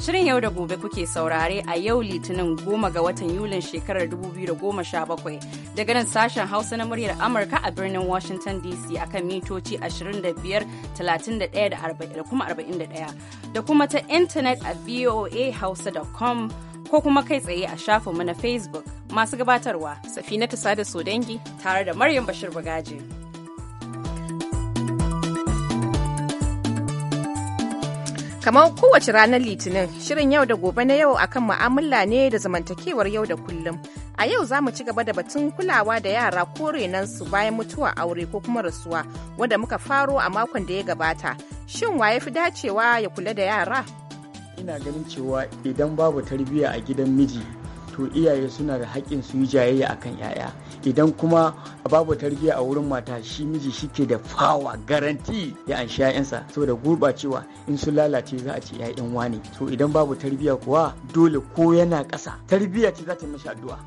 Shirin yau da gobe kuke saurare a yau Litinin goma ga watan Yulin shekarar 2017 daga nan sashen Hausa na muryar Amurka a birnin Washington DC akan mitoci 25, 31 da kuma 41 da kuma ta intanet a voahausa.com ko kuma kai tsaye a shafinmu na Facebook masu gabatarwa Safina Tusa da Sodangi tare da Maryam Bashir Bagaji. Kamar kowace ranar Litinin, shirin yau da gobe na yau akan mu'amala ne da zamantakewar yau da kullum. A yau za mu ci gaba da batun kulawa da yara ko su bayan mutuwa aure ko kuma rasuwa, wanda muka faro a makon da ya gabata. Shin wa ya fi dacewa ya kula da yara? Ina ganin cewa idan babu tarbiyya a gidan miji, to iyaye suna da haƙƙin su yi jayayya akan 'ya'ya idan kuma babu tarbiyya a wurin mata shi miji shike da fawa garanti ya anshi 'ya'yansa saboda gurɓacewa in su lalace za a ce 'ya'yan wane to idan babu tarbiyya kuwa dole ko yana ƙasa tarbiyya ce za ta mishi addu'a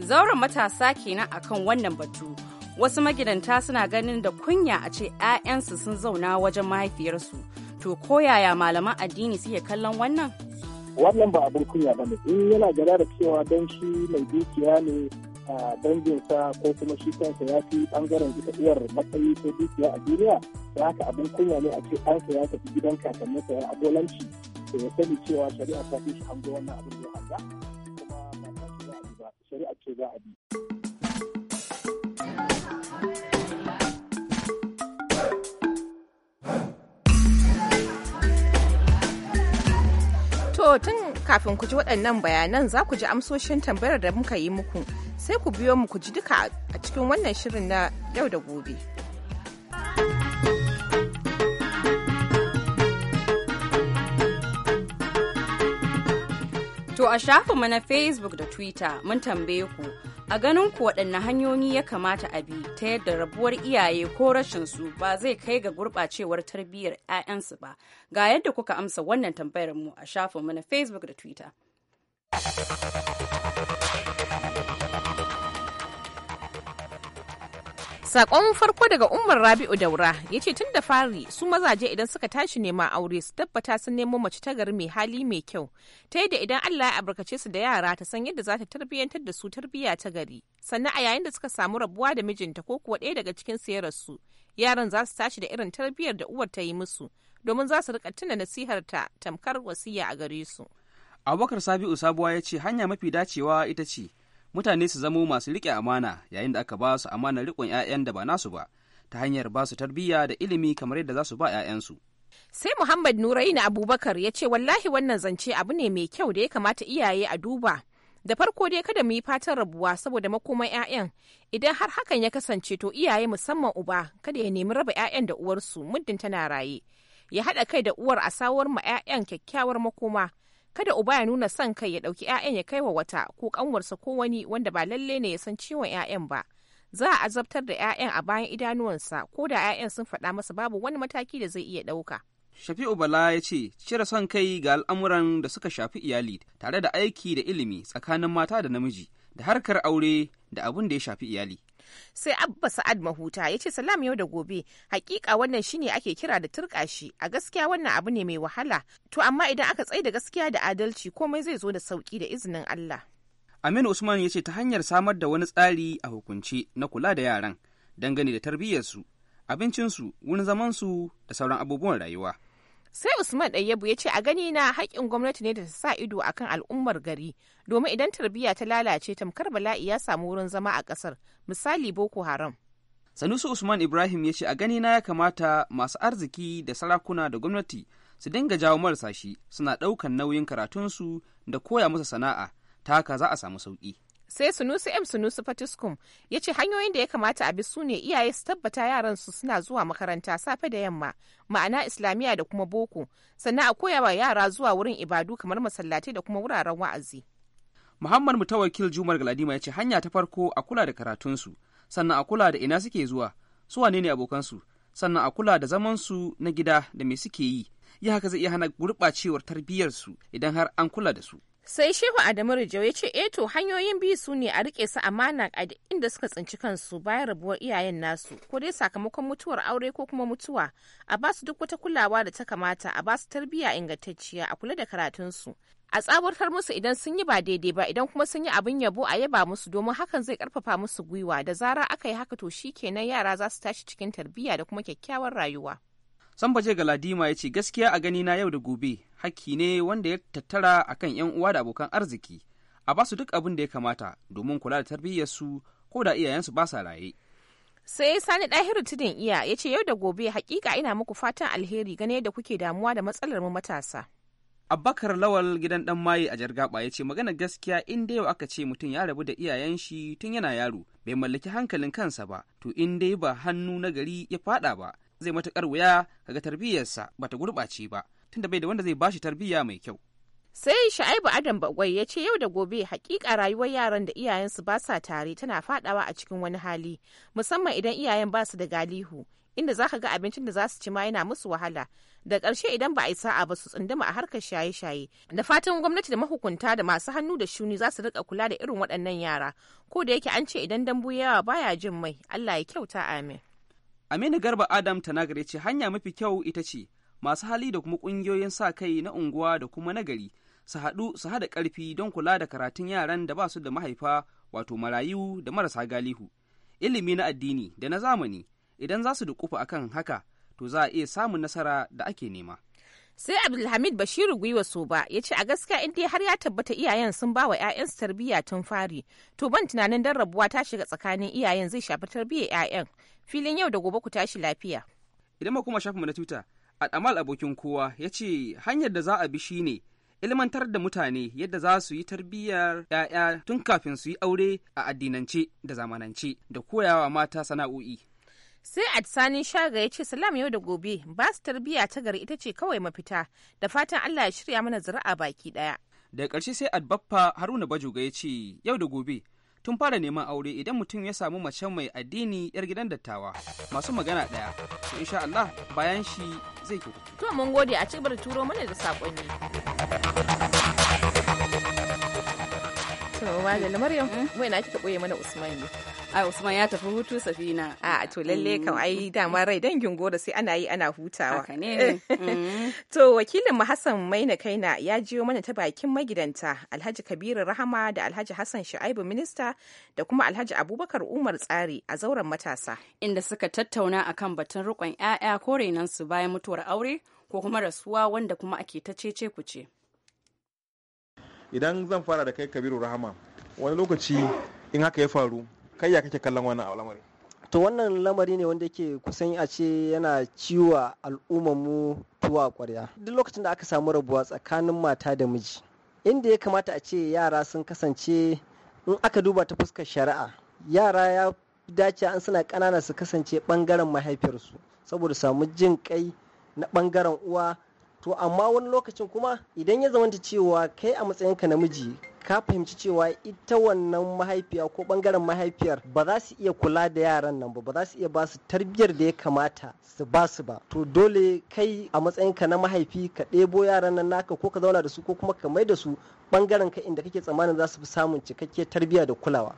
zauren matasa kenan akan wannan batu wasu magidanta suna ganin da kunya a ce 'ya'yansu sun zauna wajen mahaifiyarsu to koyaya malaman addini suke kallon wannan wannan ba abin kunya ba ne in eh, yana gada da cewa don shi mai dukiya ne a danginsa ko kuma shi kansa ya fi bangaren jikadiyar matsayi ko dukiya a duniya da haka abin kunya ne a ce ɗansa ya tafi gidan kakanninsa ya abolanci da ya sani cewa shari'a ta fi shi hango wannan abin da ya hanga kuma ba ta ce za shari'a ce za a bi. tun kafin ku ji waɗannan bayanan za ku ji amsoshin tambayar da muka yi muku sai ku biyo mu ku ji duka a cikin wannan shirin na yau da gobe. To a shafinmu na Facebook da Twitter mun tambaye ku a ganin ku waɗanne hanyoyi ya kamata a bi ta yadda rabuwar iyaye ko rashin su ba zai kai ga gurɓacewar tarbiyyar 'ya'yansu ba ga yadda kuka amsa wannan tambayar mu a shafinmu na facebook da twitter Sakon farko daga Umar Rabi'u Daura ya ce tun da fari su mazaje idan suka tashi neman aure su tabbata sun nemo mace ta gari mai hali mai kyau ta da idan Allah ya albarkace su da yara ta san yadda za ta tarbiyyantar da su tarbiyya ta gari sannan a yayin da suka samu rabuwa da mijinta ko kuwa ɗaya daga cikin su yaran za su tashi da irin tarbiyyar da uwar ta yi musu domin za su rika tuna nasihar ta tamkar wasiya a gare su. Abubakar Sabi'u Sabuwa ya ce hanya mafi dacewa ita ce mutane su zamo masu riƙe amana yayin da aka ba su amana riƙon 'ya'yan da ba nasu ba ta hanyar ba su tarbiyya da ilimi kamar yadda za su ba 'ya'yansu. Sai Muhammad na Abubakar ya ce wallahi wannan zance abu ne mai kyau da ya kamata iyaye a duba. Da farko dai kada mu yi fatan rabuwa saboda makoman 'ya'yan idan har hakan ya kasance to iyaye musamman uba kada ya nemi raba 'ya'yan da uwarsu muddin tana raye. Ya haɗa kai da uwar a sawar ma 'ya'yan kyakkyawar makoma kada uba ya nuna son kai ya ɗauki 'ya'yan ya kai wa wata ko ƙanwarsa ko wani wanda ba lalle ne ya san ciwon 'ya'yan ba za a azabtar da 'ya'yan a bayan idanuwansa ko da 'ya'yan sun faɗa masa babu wani mataki da zai iya ɗauka. Shafi'u Bala ya ce cire son kai ga al'amuran da suka shafi iyali tare da aiki da ilimi tsakanin mata da namiji da harkar aure da abin da ya shafi iyali. sai abba sa'ad mahuta ya ce salam yau da gobe hakika wannan shine ake kira da turkashi a gaskiya wannan abu ne mai wahala to amma idan aka da gaskiya da adalci komai zai zo da sauki da izinin Allah Aminu Usman ya ce ta hanyar samar da wani tsari a hukunce na kula da yaran dangane da tarbiyyarsu abincinsu wurin zamansu da sauran abubuwan rayuwa sai usman ɗayyabu ya ce a gani na haƙƙin gwamnati ne da ta sa ido akan al'ummar gari domin idan tarbiyya ta lalace tamkar bala'i ya samu wurin zama a ƙasar misali boko haram sanusi usman ibrahim ya ce a gani na ya kamata masu arziki da sarakuna da gwamnati su dinga jawo marasa shi suna ɗaukan nauyin karatunsu da koya musu sana'a ta haka za a samu sauƙi sai sunusu m sunusu fatiskum ya ce hanyoyin da ya kamata a bi su ne iyaye su tabbata yaran su suna zuwa makaranta safe da yamma ma'ana islamiyya da kuma boko sannan a koyawa yara zuwa wurin ibadu kamar masallatai da kuma wuraren wa'azi muhammad mutawakil jumar galadima ya ce hanya ta farko a kula da karatunsu sannan a kula da ina suke zuwa su wane ne abokansu sannan a kula da zaman su na gida da me suke yi ya haka zai iya hana gurɓacewar tarbiyyarsu idan har an kula da su sai shehu adamu rijau ya ce eh to hanyoyin biyu su ne a rike su amana a inda suka tsinci kansu bayan rabuwar iyayen nasu ko dai sakamakon mutuwar aure ko kuma mutuwa a ba su duk wata kulawa da ta kamata a ba su tarbiyya ingantacciya a kula da karatunsu a tsabartar musu idan sun yi ba daidai ba idan kuma sun yi abin yabo a yaba musu domin hakan zai karfafa musu gwiwa da zara aka yi haka to shi kenan yara za su tashi cikin tarbiyya da kuma kyakkyawar rayuwa. ga Galadima ya ce gaskiya a gani na yau da gobe hakki ne wanda ya tattara akan 'yan uwa da abokan arziki a basu duk abin da ya kamata domin kula da tarbiyyarsu ko da iyayensu ba sa raye. sai sani ɗahiru tudun iya ya ce yau da gobe hakika ina muku fatan alheri gane da kuke damuwa da matsalar mu matasa abbakar lawal gidan dan maye a jargaba ya ce magana gaskiya in dai yau aka ce mutum ya rabu da iyayen shi tun yana yaro bai mallaki hankalin kansa ba to in dai ba hannu na gari ya faɗa ba zai matukar wuya kaga tarbiyyarsa bata gurɓace ba tunda bai da wanda zai bashi tarbiyya mai kyau. Sai Sha'ibu Adam Bagwai ya ce yau da gobe hakika rayuwar yaran da iyayensu ba sa tare tana fadawa a cikin wani hali musamman idan iyayen ba su da galihu inda zaka ga abincin da za su ci ma yana musu wahala da ƙarshe idan ba a yi sa'a ba su tsunduma a harkar shaye-shaye da fatan gwamnati da mahukunta da masu hannu da shuni za su rika kula da irin waɗannan yara ko da yake an ce idan dambu yawa baya jin mai Allah ya kyauta amin Aminu Garba Adam Tanagare ce hanya mafi kyau ita ce masu hali da kuma ƙungiyoyin sa kai na unguwa da kuma nagari su haɗu su haɗa ƙarfi don kula da karatun yaran da ba su da mahaifa wato marayu da marasa galihu ilimi na addini da na zamani idan za su dukufa akan haka to za a iya samun nasara da ake nema sai abdulhamid bashiru gwiwa so ba ya ce a gaskiya in dai har ya tabbata iyayen sun ba wa su tarbiyya tun fari to ban tunanin dan rabuwa ta shiga tsakanin iyayen zai shafi tarbiyyar 'ya'yan filin yau da gobe ku tashi lafiya idan ma kuma shafinmu na twitter Al'amal abokin kowa ya ce hanyar da za a bi shi ne ilmantar da mutane yadda za su yi tarbiyyar 'ya'ya tun kafin su yi aure a addinance da zamanance da koyawa mata sana'o'i. sai adsani shaga ya ce salam yau da gobe ba su tarbiyya ta gari ita ce kawai mafita da fatan allah ya shirya mana zira'a baki daya daga ƙarshe sai adbaffa haruna bajoga ya ce yau da gobe tun fara neman aure idan mutum ya samu mace mai addini yar gidan dattawa masu magana daya insha allah bayan shi zai To mun gode a cikin bar turo mana da saƙonni. to da maryam mm. wai kika boye mana usman ne a usman ya tafi hutu safina a ah, to lalle kan ai mm. dama rai dangin goro sai ana yi ana hutawa haka ne eh. mm. to wakilin mu hassan maina kaina ya jiyo mana ta bakin magidanta alhaji kabiru rahama da alhaji hassan shu'aibu minista da kuma alhaji abubakar umar tsari a zauren matasa inda suka tattauna akan batun rikon 'ya'ya ko su bayan mutuwar aure ko kuma rasuwa wanda kuma ake ta cece kuce. ce idan zan fara da kai kabiru rahama wani lokaci in haka ya faru kai ya kake kallon wannan al'amari to wannan lamari ne wanda yake kusan a ce yana ciwa al'ummar mu tuwa kwarya duk lokacin da aka samu rabuwa tsakanin mata da miji inda ya kamata a ce yara sun kasance in aka duba ta fuskar shari'a yara ya dace an suna ƙanana su kasance ɓangaren mahaifiyarsu saboda samu jin kai na ɓangaren uwa to amma wani lokacin kuma idan ya zamanta cewa kai a matsayinka namiji ka fahimci cewa ita wannan mahaifiya ko bangaren mahaifiyar ba za su iya kula da yaran nan ba ba za su iya ba su tarbiyyar da ya kamata su ba su ba to dole kai a matsayinka na mahaifi ka ɗebo yaran nan naka ko ka zauna da su ko kuma ka mai da su bangaren ka inda kake tsammanin za su fi samun cikakkiyar tarbiyya da kulawa.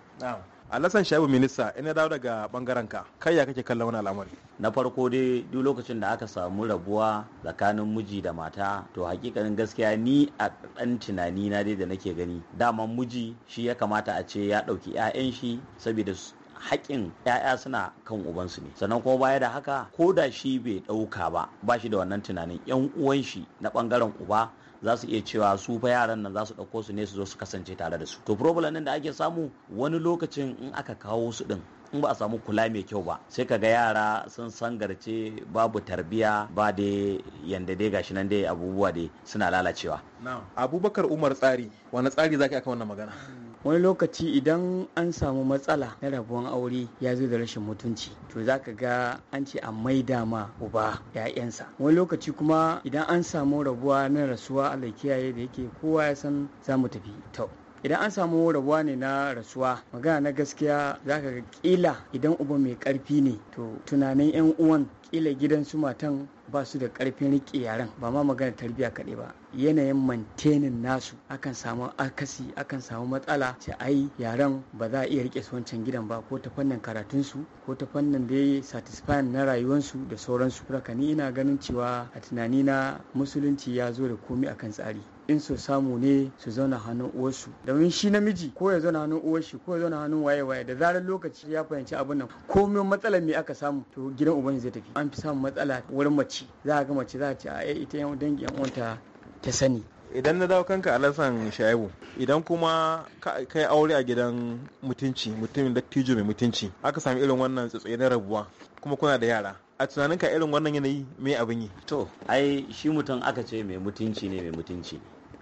alasan shaibu minista ina dawo daga bangaren ka kai ya kake kallon wani al'amari na farko dai duk lokacin da aka samu rabuwa tsakanin miji da mata to hakikanin gaskiya ni a ɗan tunani na dai da nake gani Dama miji shi ya kamata a ce ya ɗauki 'ya'yan shi saboda haƙƙin 'ya'ya suna kan ubansu ne sannan kuma baya da haka ko da shi bai ɗauka ba ba shi da wannan tunanin 'yan uwan shi na ɓangaren uba za su iya cewa su fa yaran nan za su ɗauko su ne su zo su kasance tare da su to problem nan da ake samu wani lokacin in aka kawo su ɗin in ba a samu kula mai kyau ba sai ka ga yara sun sangarce babu tarbiya ba da yanda dai gashi nan dai abubuwa dai suna lalacewa abubakar umar tsari wani tsari zaki aka wannan magana hmm. wani lokaci idan an samu matsala na rabuwan aure ya zo da rashin mutunci to za ka ga an ce a maida ma uba ya'yansa wani lokaci kuma idan an samu rabuwa na rasuwa allah kiyaye da yake kowa ya san za mu tafi to idan an samu rabuwa ne na rasuwa magana na gaskiya za ka kila idan uba mai karfi ne to tunanin yan uwan kila gidan su matan ba su da karfin riƙe yaren ba ma magana tarbiyya kaɗai ba yanayin mantenin nasu akan samu akasi akan samu matsala sai ai yaran ba za a iya rike wancan gidan ba ko ta fannin su ko ta fannin da ya satisfy na rayuwarsu da sauransu haka ni ina ganin cewa a tunanina musulunci ya zo da komi akan tsari in so samu ne su zauna hannun uwarsu domin shi namiji ko ya zauna hannun uwarshi ko ya zauna hannun waye waye da zarar lokaci ya fahimci abin nan komai matsalar me aka samu to gidan uban zai tafi an fi samun matsala wurin mace za a ga mace za a ce a ita yan dangi yan uwanta ta sani idan na dawo kanka alasan shaibu idan kuma kai aure a gidan mutunci mutumin dattijo mai mutunci aka sami irin wannan tsatsaye na rabuwa kuma kuna da yara a tunaninka irin wannan yanayi mai abin yi to ai shi mutum aka ce mai mutunci ne mai mutunci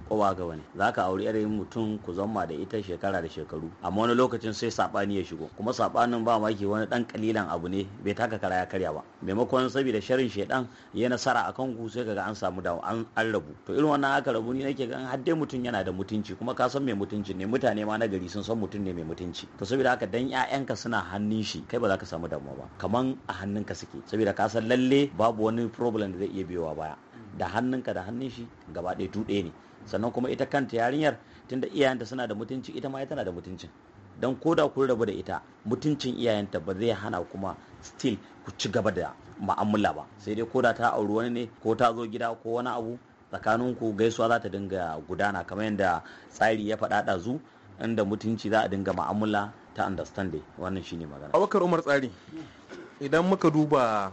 ko ba ga wani za ka auri yare mutum ku zama da ita shekara da shekaru amma wani lokacin sai sabani ya shigo kuma saɓanin ba maki wani dan kalilan abu ne bai taka kara ya karya ba maimakon saboda sharin shedan ya nasara akan ku sai kaga an samu da an rabu to irin wannan aka rabu ni nake gan har dai mutum yana da mutunci kuma ka san mai mutunci ne mutane ma na gari sun san mutum ne mai mutunci to saboda haka dan ƴaƴanka suna hannun shi kai ba za ka samu damuwa ba kaman a hannun hannunka suke saboda ka san lalle babu wani problem da zai iya biyowa baya da hannunka da hannun shi gaba ɗaya tuɗe ne sannan kuma ita kanta yarinyar tunda iyayenta suna da mutunci ita ma tana da mutuncin don ko da kun rabu da ita mutuncin iyayenta ba zai hana kuma still ku ci gaba da ma'amala ba sai dai ko da ta auri wani ne ko ta zo gida ko wani abu tsakaninku gaisuwa za ta dinga gudana kamar yadda tsari ya faɗa ɗazu inda mutunci za a dinga ma'amala ta understanding wannan shine magana abubakar umar tsari idan muka duba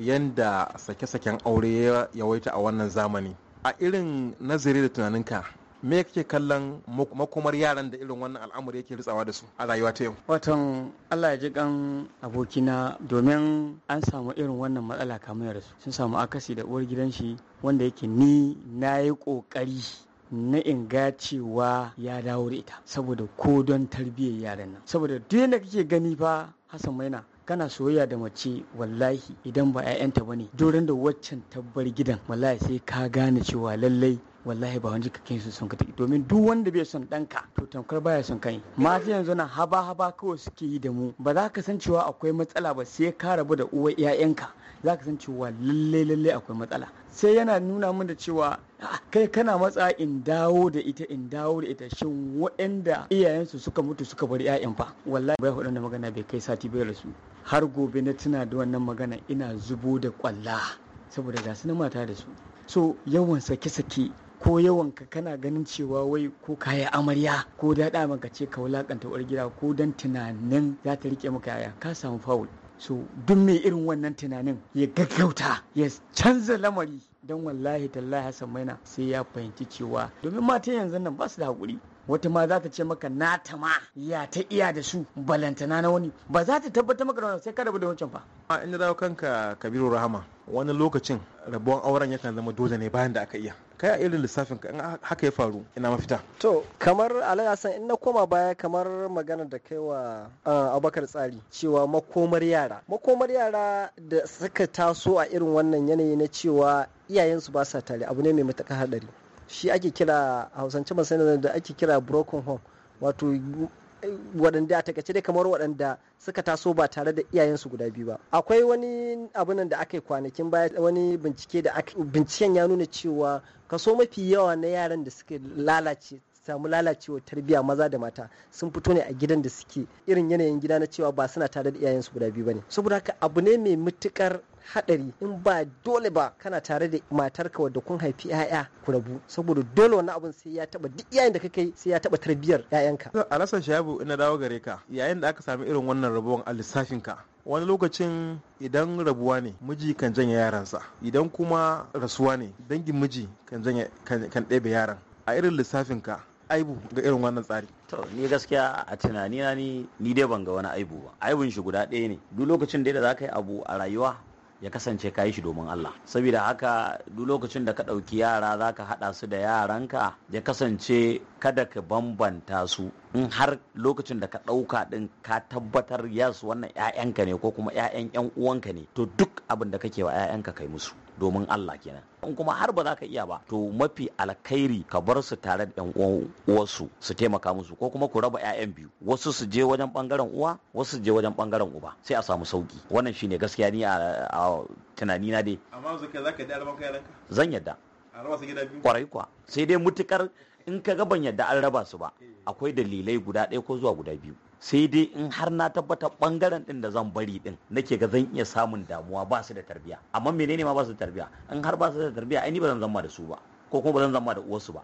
yanda sake-saken aure ya yawaita a wannan zamani a irin nazari da tunaninka me kake kallon makomar yaran da irin wannan al'amari yake ritsawa da su a rayuwa ta yau watan allah ya ji kan abokina domin an samu irin wannan matsala kamar su sun samu akasi da uwar gidan shi wanda yake ni na yi kokari na inga cewa ya dawo da ita saboda ko don tarbiyyar yaran nan saboda duk yadda kake gani fa hassan maina kana soyayya da mace wallahi idan ba 'ya'yanta ba ne doron da waccan tabbar gidan wallahi sai ka gane cewa lallai wallahi ba wani kakin su son kata domin duk wanda bai son ɗanka to tamkar baya son kai mata yanzu na haba haba kawai suke yi da mu ba za ka san cewa akwai matsala ba sai ka rabu da uwa 'ya'yanka za ka san cewa lalle lalle akwai matsala sai yana nuna min da cewa kai kana matsa in dawo da ita in dawo da ita shin waɗanda iyayensu suka mutu suka bar 'ya'yan fa wallahi bai da magana bai kai sati bai rasu har gobe na tuna da wannan magana ina zubo da kwalla saboda ga su na mata da su so yawan sake-sake ko yawan ka kana ganin cewa wai ko kaya amarya ko daɗa maka ce ka wulaƙanta uwar gida ko dan tunanin za ta rike maka yaya ka samu faul so duk mai irin wannan tunanin ya gaggauta ya canza lamari don wallahi tallahi hassan maina sai ya fahimci cewa domin matan yanzu nan ba su da haƙuri wata ma za ta ce maka na ta ma ya ta iya da su balantana na wani ba za ta tabbatar maka da wani sai ka rabu da wancan fa a inda dawo kanka kabiru rahama wani lokacin rabuwan auren yakan zama dole ne bayan da aka iya kai a irin lissafin ka haka ya faru ina mafita to kamar alai hassan in na koma baya kamar magana da kai wa abubakar tsari cewa makomar yara makomar yara da suka taso a irin wannan yanayi na cewa iyayensu ba sa tare abu ne mai matuƙar hadari shi ake kira a hausance masana da ake kira broken home wato waɗanda a takaice dai kamar waɗanda suka taso ba tare da iyayensu guda biyu ba akwai wani abin da aka yi kwanakin baya wani bincike da binciken ya nuna cewa kaso mafi yawa na yaran da suka lalace samu lalacewa tarbiyya maza da mata sun fito ne a gidan da suke irin yanayin gida na cewa ba suna tare da iyayensu guda biyu ba ne. saboda haka abu ne mai matukar haɗari in ba dole ba kana tare da matarka wadda kun haifi 'ya'ya ku rabu saboda dole wani abun sai ya taba duk yayin da kake kai sai ya taba tarbiyar 'ya'yanka alasan shabu ina dawo gare ka yayin da aka sami irin wannan rabuwan a lissafin ka, wani lokacin idan rabuwa ne miji kan janye yaransa idan kuma rasuwa ne dangin miji kan janye kan ɗebe yaran a irin lissafin ka aibu ga irin wannan tsari to ni gaskiya a tunanina ni dai ban ga wani aibu ba aibun shi guda ɗaya ne duk lokacin da za ka yi abu a rayuwa ya kasance ka yi shi domin Allah saboda haka duk lokacin da ka ɗauki yara za ka haɗa su da yaranka ya kasance kada ka bambanta su in har lokacin da ka ɗauka ɗin ka tabbatar yas wannan 'ya'yanka ne ko kuma 'ya'yan 'yan uwanka ne to duk abin da kake wa 'ya'yanka kai musu domin Allah kenan in kuma har ba za ka iya ba to mafi alkhairi ka bar su tare da yan su taimaka musu ko kuma ku raba yayan biyu wasu su je wajen bangaren uwa wasu su je wajen bangaren uba sai a samu sauki wannan shine gaskiya ni a tunani na dai amma zaka zaka da alman kai zan yadda a rawa su gida biyu kwarai kwa sai dai mutukar in ka ga ban yadda an raba su ba akwai dalilai guda ɗaya ko zuwa guda biyu sai dai in har na tabbatar bangaren din da zan bari din nake ga zan iya samun damuwa ba su da tarbiya amma menene ma ba su da tarbiya in har ba su da tarbiya ai ni ba zan zama da su ba ko kuma ba zan zama da uwarsu ba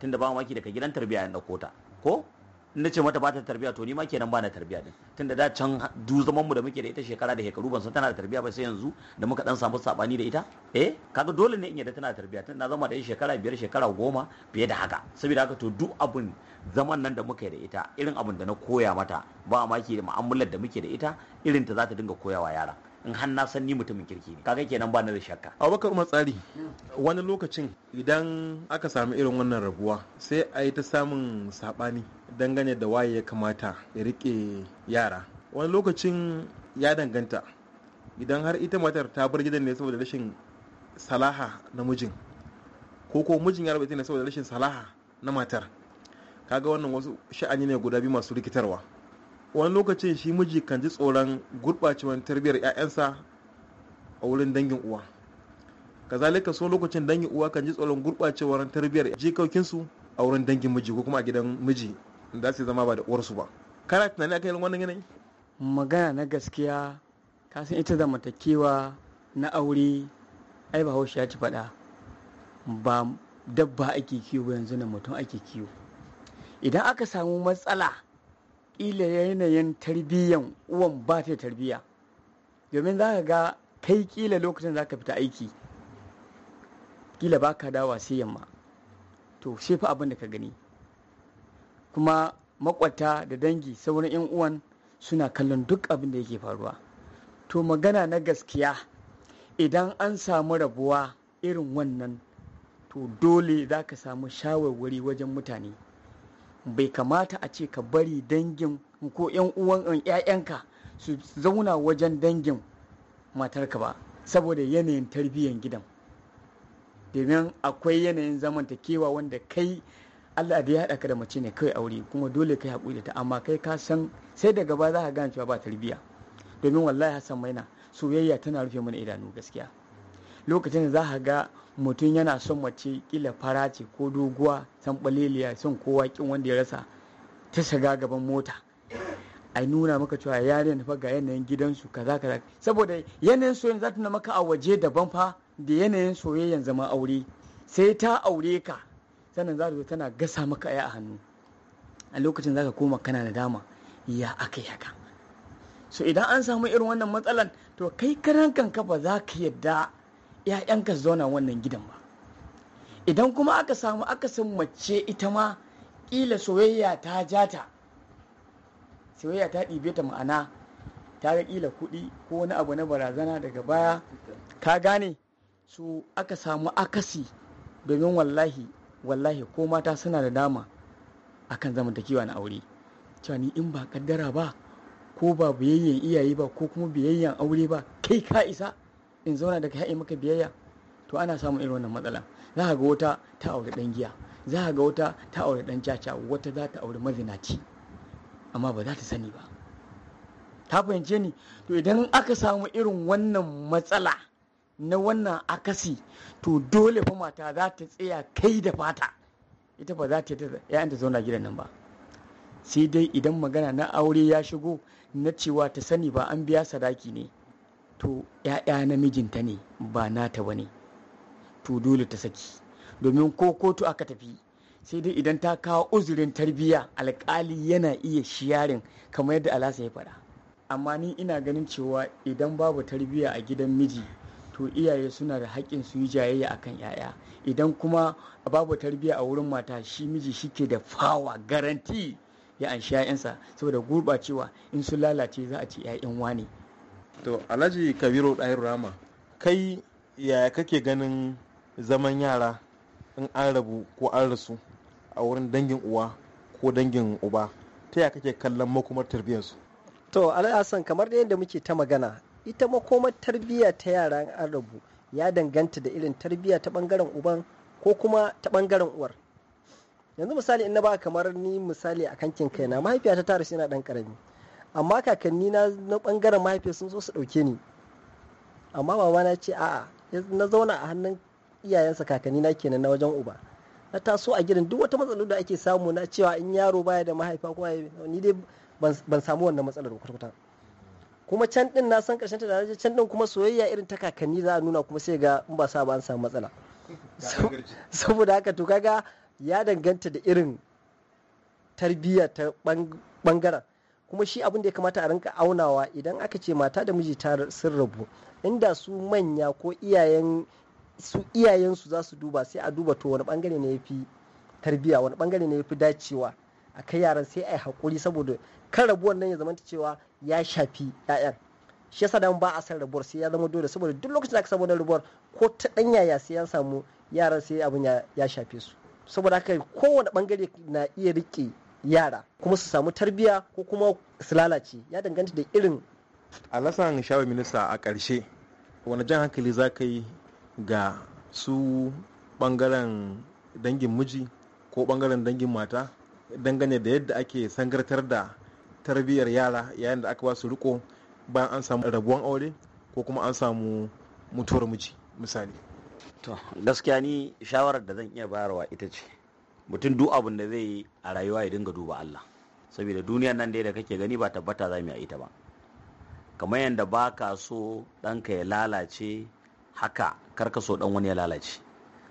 tunda ba maki daga gidan tarbiya in ɗauko ta ko na ce mata bata tarbiya to ni ma kenan bana tarbiya din tunda da can du zaman mu da muke da ita shekara da shekaru ban san tana da tarbiya ba sai yanzu da muka dan samu sabani da ita eh kaga dole ne in yadda tana da tarbiya tunda na zama da ita shekara biyar shekara goma fiye da haka saboda haka to duk abun zaman nan da muka da ita irin abun da na koya mata ba maki da mu'amalar da muke da ita irin ta za ta dinga koyawa yara in har na san ni mutumin kirki ne kaga kenan ba na da shakka abubakar umar tsari hmm. wani lokacin idan aka samu irin wannan rabuwa sai a yi ta samun sabani dangane da waye ya kamata ya rike yara wani lokacin ya danganta idan har ita matar ta bar gidan ne saboda rashin salaha na mijin ko ko mijin ya rabu ne saboda rashin salaha na matar kaga wannan wasu sha'ani ne guda biyu masu rikitarwa wani lokacin shi miji kan ji tsoron gurɓacewar tarbiyyar 'ya'yansa a wurin dangin uwa kazalika so lokacin dangin uwa kan ji tsoron gurɓacewar tarbiyyar jikokinsu a wurin dangin miji ko kuma a gidan miji da su zama ba da uwarsu ba kana tunani kan wannan yanayi magana na gaskiya ka san ita da zamantakewa na aure ai ba haushi ya ci faɗa ba dabba ake kiwo ba yanzu na mutum ake kiwo idan aka samu matsala ƙila yanayin tarbiyyan uwan ba ta tarbiyya domin za ka ga kai ƙila lokacin za ka fita aiki ƙila ba ka dawa sai yamma to sai fa abin da ka gani kuma makwata da dangi sauran 'yan uwan suna kallon duk abin da yake faruwa to magana na gaskiya idan an samu rabuwa irin wannan to dole za ka samu shawarwari wajen mutane bai kamata a ce ka bari dangin ko 'yan uwan 'ya'yanka eh, su zauna wajen dangin matarka ba saboda yanayin tarbiyyar gidan domin akwai yanayin zamantakewa wanda kai Allah da ya haɗa ka da mace ne kai aure kuma dole kai haƙuri da ta amma kai ka san sai daga gaba za ka gane cewa ba tarbiyya domin wallahi Hassan Maina soyayya tana rufe mana idanu gaskiya lokacin da za ka ga mutum yana son mace kila fara ko doguwa san baleliya son kowa kin wanda ya rasa ta shiga gaban mota a nuna maka cewa yarin fa ga yanayin gidansu kaza kaza saboda yanayin soyayya za ta nuna maka a waje daban fa da yanayin soyayyan zama aure sai ta aure ka sannan za zo tana gasa maka ya a hannu a lokacin za ka koma kana da dama ya aka haka so idan an samu irin wannan matsalan to kai karan kanka ba za ka yadda ‘ya'yanka zauna wannan gidan ba idan kuma aka samu aka san mace ita ma ƙila soyayya ta jata soyayya ta ɗibe ta ma'ana ta ga ƙila kuɗi ko wani abu na barazana daga baya ka gane su aka samu akasi domin wallahi wallahi ko mata suna da dama akan zamantakewa na aure cewa ni in ba kaddara ba ko ba biyayyen iyaye ba ko kuma biyayyen aure ba kai ka isa in zauna daga haɗe maka biyayya to ana samun irin wannan matsala za ka ga wata ta aure dan giya za ka ga wata ta aure dan caca wata za ta aure mazinaci amma ba za ta sani ba ta fahimce ni to idan aka samu irin wannan matsala na wannan akasi to dole fa mata za ta tsaya kai da fata ita ba za ta ta zauna gidan nan ba sai dai idan magana na aure ya shigo na cewa ta sani ba an biya sadaki ne to ya'ya na mijinta ne ba nata ba ne to dole ta saki domin ko kotu aka tafi sai dai idan ta kawo uzurin tarbiyya alkali yana iya shiyarin kamar yadda alasa ya faɗa amma ni ina ganin cewa idan babu tarbiyya a gidan miji to iyaye suna da haƙƙin su yi jayayya akan 'ya'ya idan kuma babu tarbiyya a wurin mata shi miji shike da fawa garanti ya anshi 'ya'yansa saboda gurɓacewa in sun lalace za a ci 'ya'yan wani to alhaji kabiru ɗayar rama kai yaya kake ganin zaman yara in an rabu ko an rasu a wurin dangin uwa ko dangin uba ta yaya kake kallon makomar tarbiyyarsu to alhassan kamar da yadda muke ta magana ita makomar tarbiyya ta yaran arabu ya danganta da irin tarbiyya ta bangaren uban ko kuma ta bangaren uwar yanzu misali in na ba kamar ni misali a kankin kaina mahaifiya ta rasu yana dan karami amma kakanni na na bangaren mahaifiya sun so su dauke ni amma mama na ce a'a na zauna a hannun iyayensa kakanni na kenan na wajen uba na taso a gidan duk wata matsalar da ake samu na cewa in yaro baya da mahaifa kuma ni dai ban samu wannan matsalar kwatkwata kuma can din na san karshen ta da can din kuma soyayya irin ta kakanni za a nuna kuma sai ga in ba sa ba an samu matsala saboda haka to kaga ya danganta da irin tarbiyya ta bangaren kuma shi abin da ya kamata a rinka aunawa idan aka ce mata da miji ta sun rabu inda su manya ko iyayen su iyayensu za su duba sai a duba to wani bangare ne ya fi tarbiyya wani bangare ne ya fi dacewa a kai yaran sai a yi haƙuri saboda kan rabuwar nan ya zamanta cewa ya shafi 'ya'yan shi yasa da ba a san rabuwar sai ya zama dole saboda duk lokacin da aka samu wannan rabuwar ko ta ɗan yaya sai ya samu yaran sai abin ya shafe su saboda haka kowane bangare na iya rike yara kuma su samu tarbiya ko kuma su lalace ya danganta da irin alasan shawar minista a ƙarshe wani jan hankali za ka yi ga su bangaren dangin miji ko bangaren dangin mata dangane da yadda ake sangartar da tarbiyyar yara yayin da aka ba su riko bayan an samu rabuwan aure ko kuma an samu mutuwar miji misali to gaskiya ni shawarar da zan iya bayarwa ita ce mutum duk abin da zai yi a rayuwa ya dinga duba Allah saboda duniyar nan da kake gani ba tabbata za mu yi ita ba kamar yadda ba ka so ɗanka ya lalace haka karka so ɗan wani ya lalace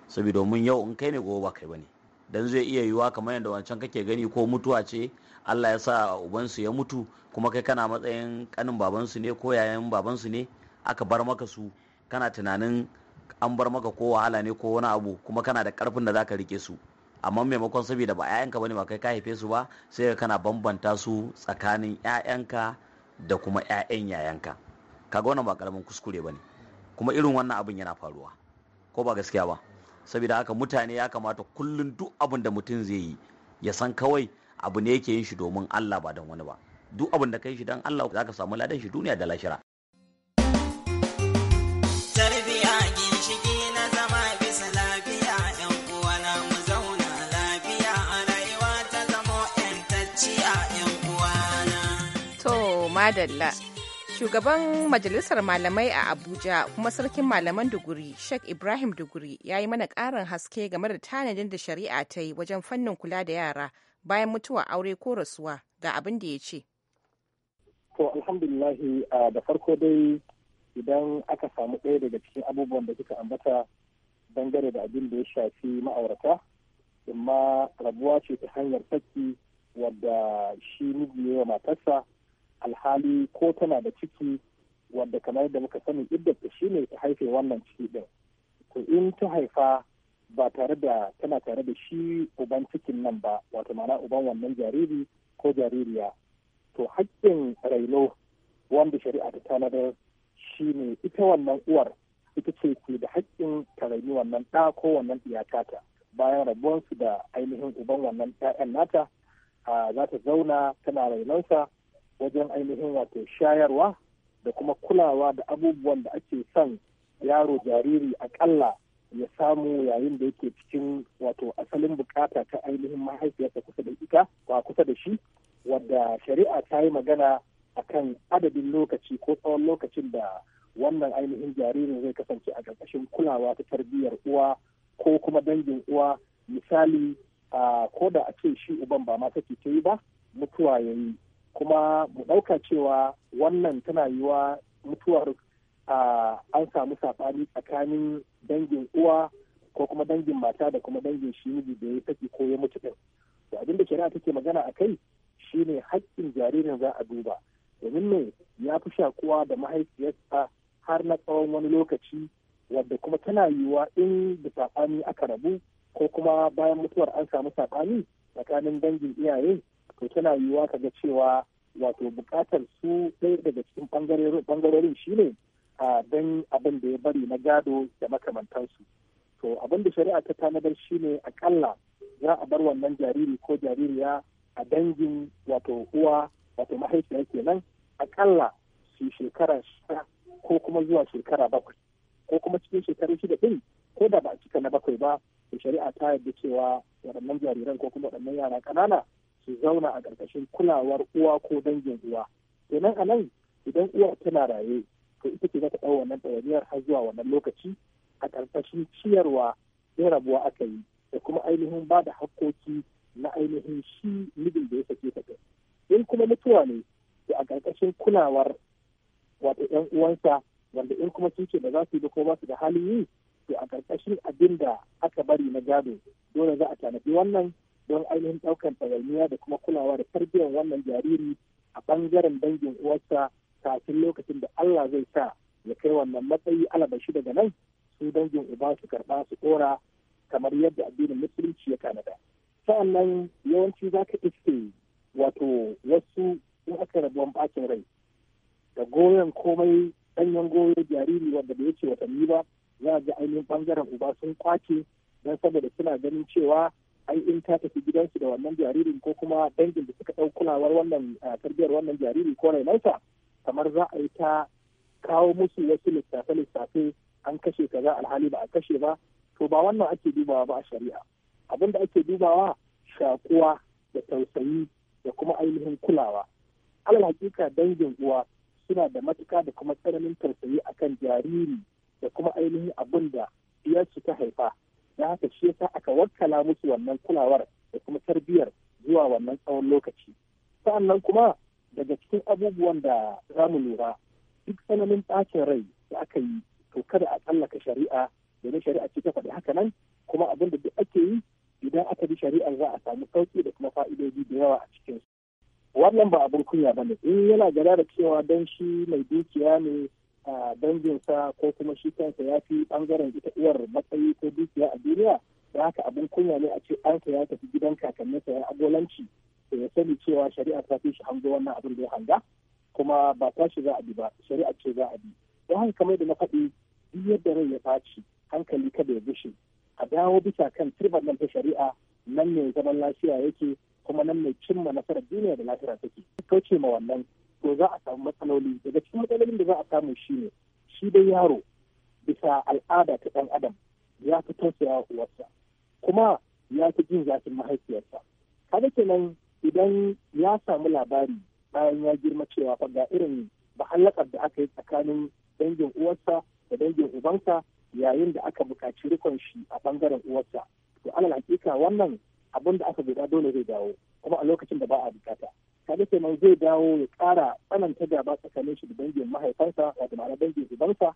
saboda mun yau in kai ne gobe ba kai ba ne Don zai iya yiwa kamar yadda wancan kake gani ko mutuwa ce Allah ya sa ubansu ya mutu kuma kai kana matsayin kanin babansu ne ko yayan babansu ne aka bar maka su kana tunanin an bar maka ko wahala ne ko wani abu kuma kana da karfin da zaka rike su amma maimakon saboda ba 'ya'yanka bane ba kai ka haife su ba sai ka kana bambanta su tsakanin 'ya'yanka da kuma 'ya'yan yayanka kaga wannan ba karamin kuskure bane kuma irin wannan abin yana faruwa ko ba gaskiya ba saboda haka mutane ya kamata kullum duk abin da mutum zai yi ya san kawai abu ne yake yin shi domin Allah ba don wani ba duk abin da kai shi don Allah ka samu ladan shi duniya da lashira madalla shugaban majalisar malamai a abuja kuma sarkin malaman duguri sheikh ibrahim duguri ya yi mana ƙarin haske game da tanadin da shari'a ta yi wajen fannin kula da yara bayan mutuwa aure ko rasuwa ga abin da ya ce to alhamdulillahi da farko dai idan aka samu ɗaya daga cikin abubuwan da suka ambata dangane da abin da ya shafi ma'aurata imma rabuwa ce ta hanyar saki wadda shi miji ya matarsa alhali ko tana da ciki wadda kamar da muka sani iddata shi ne ta haife wannan ciki ɗin to in ta haifa ba tare da tana tare da shi uban cikin nan ba wato mana uban wannan jariri ko jaririya to haƙƙin railo wanda shari'a ta tanadar shi ne ita wannan uwar ita ce ke da haƙƙin ta raini wannan ɗa ko wannan iyakata bayan rabuwarsu da ainihin uban wannan 'ya'yan nata za ta zauna tana rainonsa wajen ainihin wato shayarwa da kuma kulawa da abubuwan da ake son yaro jariri akalla ya samu yayin da yake cikin wato asalin bukata ta ainihin mahaifiyarsa kusa da ita ba kusa da shi wadda shari'a ta yi magana akan adadin lokaci ko tsawon lokacin da wannan ainihin jaririn zai kasance a ƙarƙashin kulawa ta tarbiyyar uwa ko kuma dangin uwa misali ko da a ce shi uban ba ma take ta yi ba mutuwa ya yi kuma mu ɗauka cewa wannan tana yiwa mutuwar an samu saɓani tsakanin dangin uwa ko kuma dangin mata da kuma dangin shi miji da ya saki ko ya mutu ɗin to abin da shari'a take magana a kai shine haƙƙin jaririn za a duba domin me ya fi shakuwa da mahaifiyarsa har na tsawon wani lokaci wadda kuma tana yiwuwa in da saɓani aka rabu ko kuma bayan mutuwar an samu saɓani tsakanin dangin iyaye to tana yiwuwa ka ga cewa wato bukatar su ɗaya daga cikin bangarorin shine don abin da ya bari na gado da makamantansu to abin da shari'a ta tanadar shine akalla za a bar wannan jariri ko jaririya a dangin wato uwa wato mahaifiya kenan akalla su shekara shida ko kuma zuwa shekara bakwai ko kuma cikin shekaru shida ɗin ko da ba a cika na bakwai ba shari'a ta yarda cewa waɗannan jariran ko kuma waɗannan yara ƙanana su zauna a ƙarƙashin kulawar uwa ko dangin uwa kenan a nan idan uwa tana raye to ita ce za ta ɗau wannan ɗawainiyar har zuwa wannan lokaci a ƙarƙashin ciyarwa ya rabuwa aka yi da kuma ainihin ba da hakkoki na ainihin shi mijin da ya sake ta in kuma mutuwa ne to a ƙarƙashin kulawar wato ƴan uwansa wanda in kuma sun ce ba za su yi ko ba su da halin yi to a ƙarƙashin abin da aka bari na gado dole za a tanadi wannan don ainihin ɗaukar ɗawainiya da kuma kulawa da tarbiyyar wannan jariri a bangaren dangin uwarsa kafin lokacin da Allah zai sa ya kai wannan matsayi alabashi daga nan su dangin uba su karba su ɗora kamar yadda addinin musulunci ya Sa'an nan yawanci za ka iske wato wasu in aka rabuwan bakin rai da goyon komai ɗanyen goyon jariri wanda bai ce watanni ba za a ga ainihin bangaren uba sun kwace don saboda suna ganin cewa ai in ta tafi gidansu da wannan jaririn ko kuma dangin da suka ɗau kulawar wannan ah, tarbiyyar wannan jariri ko rainarsa kamar za a yi ta kawo musu wasu lissafe-lissafe an kashe kaza alhali ba a kashe ba to ba wannan ake dubawa ba a shari'a abin da ake dubawa shakuwa da tausayi da kuma ainihin kulawa alal hakika dangin uwa suna da matuka da kuma tsananin tausayi akan jariri da kuma ainihin abin da diyarsu ta haifa da haka shi yasa aka wakkala musu wannan kulawar da kuma tarbiyyar zuwa wannan tsawon lokaci sa'annan kuma daga cikin abubuwan da za mu lura duk tsananin ɓacin rai da aka yi to kada a tsallaka shari'a domin shari'a ce ta faɗi haka nan kuma abin da duk ake yi idan aka bi shari'ar za a samu sauƙi da kuma fa'idodi da yawa a cikin wannan ba abin kunya ba ne in eh, yana gada da cewa don shi mai dukiya ne danginsa ko kuma shi kansa ya fi bangaren ita uwar matsayi ko dukiya a duniya da haka abin kunya ne a ce ɗansa ya tafi gidan kakanninsa ya agolanci da ya sani cewa shari'a ta fi shi hango wannan abin da ya hanga kuma ba ta shi za a bi ba shari'a ce za a bi don haka kamar da na faɗi duk yadda rai ya ɓaci hankali kada ya gushe a dawo bisa kan turban nan ta shari'a nan ne zaman lafiya yake kuma nan ne cimma nasarar duniya da lafiya take kauce ma wannan to za a samu matsaloli daga cikin matsalolin da za a samu shi ne shi dai yaro bisa al'ada ta ɗan adam ya fi tausaya uwarsa kuma ya fi jin zafin mahaifiyarsa kada kenan idan ya samu labari bayan ya girma cewa fa ga irin bahallakar da aka yi tsakanin dangin uwarsa da dangin ubansa yayin da aka buƙaci rikon shi a bangaren uwarsa to alal hakika wannan abin da aka guda dole zai dawo kuma a lokacin da ba a bukata kaga kenan zai dawo ya kara tsananta gaba tsakanin shi da dangin mahaifansa wato ma'ana dangin ubansa ta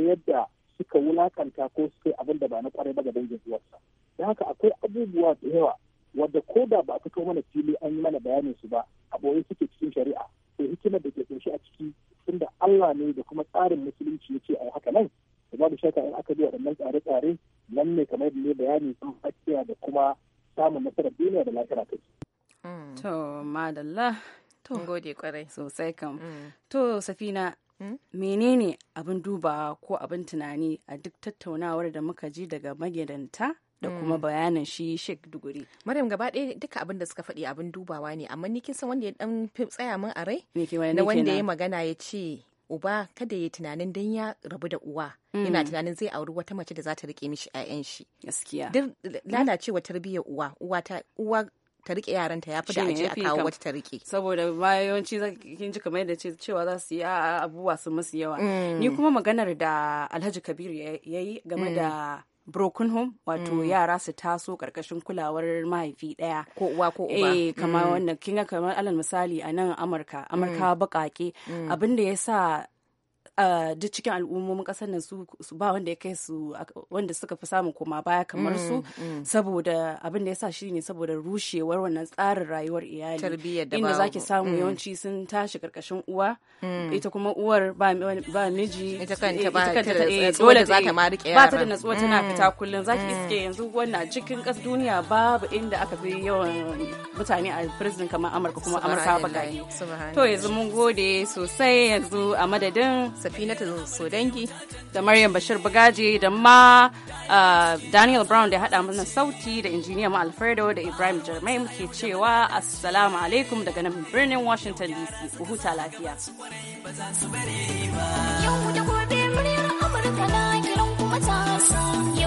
yadda suka wulakanta ko suka yi abin da ba na kwarai ba ga dangin uwarsa da haka akwai abubuwa da yawa wadda ko da ba a fito mana fili an yi mana bayanin su ba a boye suke cikin shari'a to hikimar da ke kunshi a ciki tunda Allah ne da kuma tsarin musulunci ya ce a haka nan da babu shakka in aka bi waɗannan tsare-tsare nan ne kamar da ne bayani sun da kuma samun nasarar duniya da lafiya kai Mm. To, madalla. To, gode kwarai. Sosai kam. Mm. To, Safina, mm? menene abin dubawa ko abin tunani a duk tattaunawar da muka ji daga magidanta da kuma bayanin shi Sheikh Duguri. Maryam gaba ɗaya duka abin da suka faɗi abin dubawa ne, amma ni kin san wanda ya dan tsaya min a rai? Na wanda ya magana ya ce uba kada ya tunanin dan ya rabu da uwa yana tunanin zai auri wata mace da za ta rike mishi 'ya'yan shi gaskiya duk lalacewa tarbiyyar uwa uwa ta uwa ta riƙe yaranta ya fi da aji a kawo wata ta riƙe. saboda bayanci kin ji kamar yadda cewa za su yi abubuwa su musu yawa mm. ni kuma maganar da Alhaji ya yayi game mm. da broken home wato mm. yara su taso karkashin kulawar mahaifi daya ko uwa ko uba eh kama wannan kinga kamar alal misali a nan Amurka Amurka bakake abin da yasa Eh, duk cikin al'ummomin kasar nan su ba wanda ya kai su wanda suka fi samun koma baya kamar su mm, mm. saboda abin da ya sa shi ne saboda rushewar wannan tsarin rayuwar iyali inda zaki samu mm. yawanci sun tashi karkashin uwa ita kuma uwar ba miji ita kanta ba eh, dole za ta ma rike ba ta da natsuwa tana fita kullum zaki iske yanzu wannan cikin kas duniya babu inda aka fi yawan mutane a prison kamar Amurka kuma Amurka ba to yanzu mun gode sosai yanzu a madadin Safinatu Sodangi da Maryam Bashir Bugaje da ma uh, Daniel Brown da haɗa mana sauti da injiniya mu Alfredo da Ibrahim Jarmai muke cewa Assalamu alaikum daga nan birnin Washington DC. Ku huta lafiya. Yau da gobe muryar Amurka na kiran kuma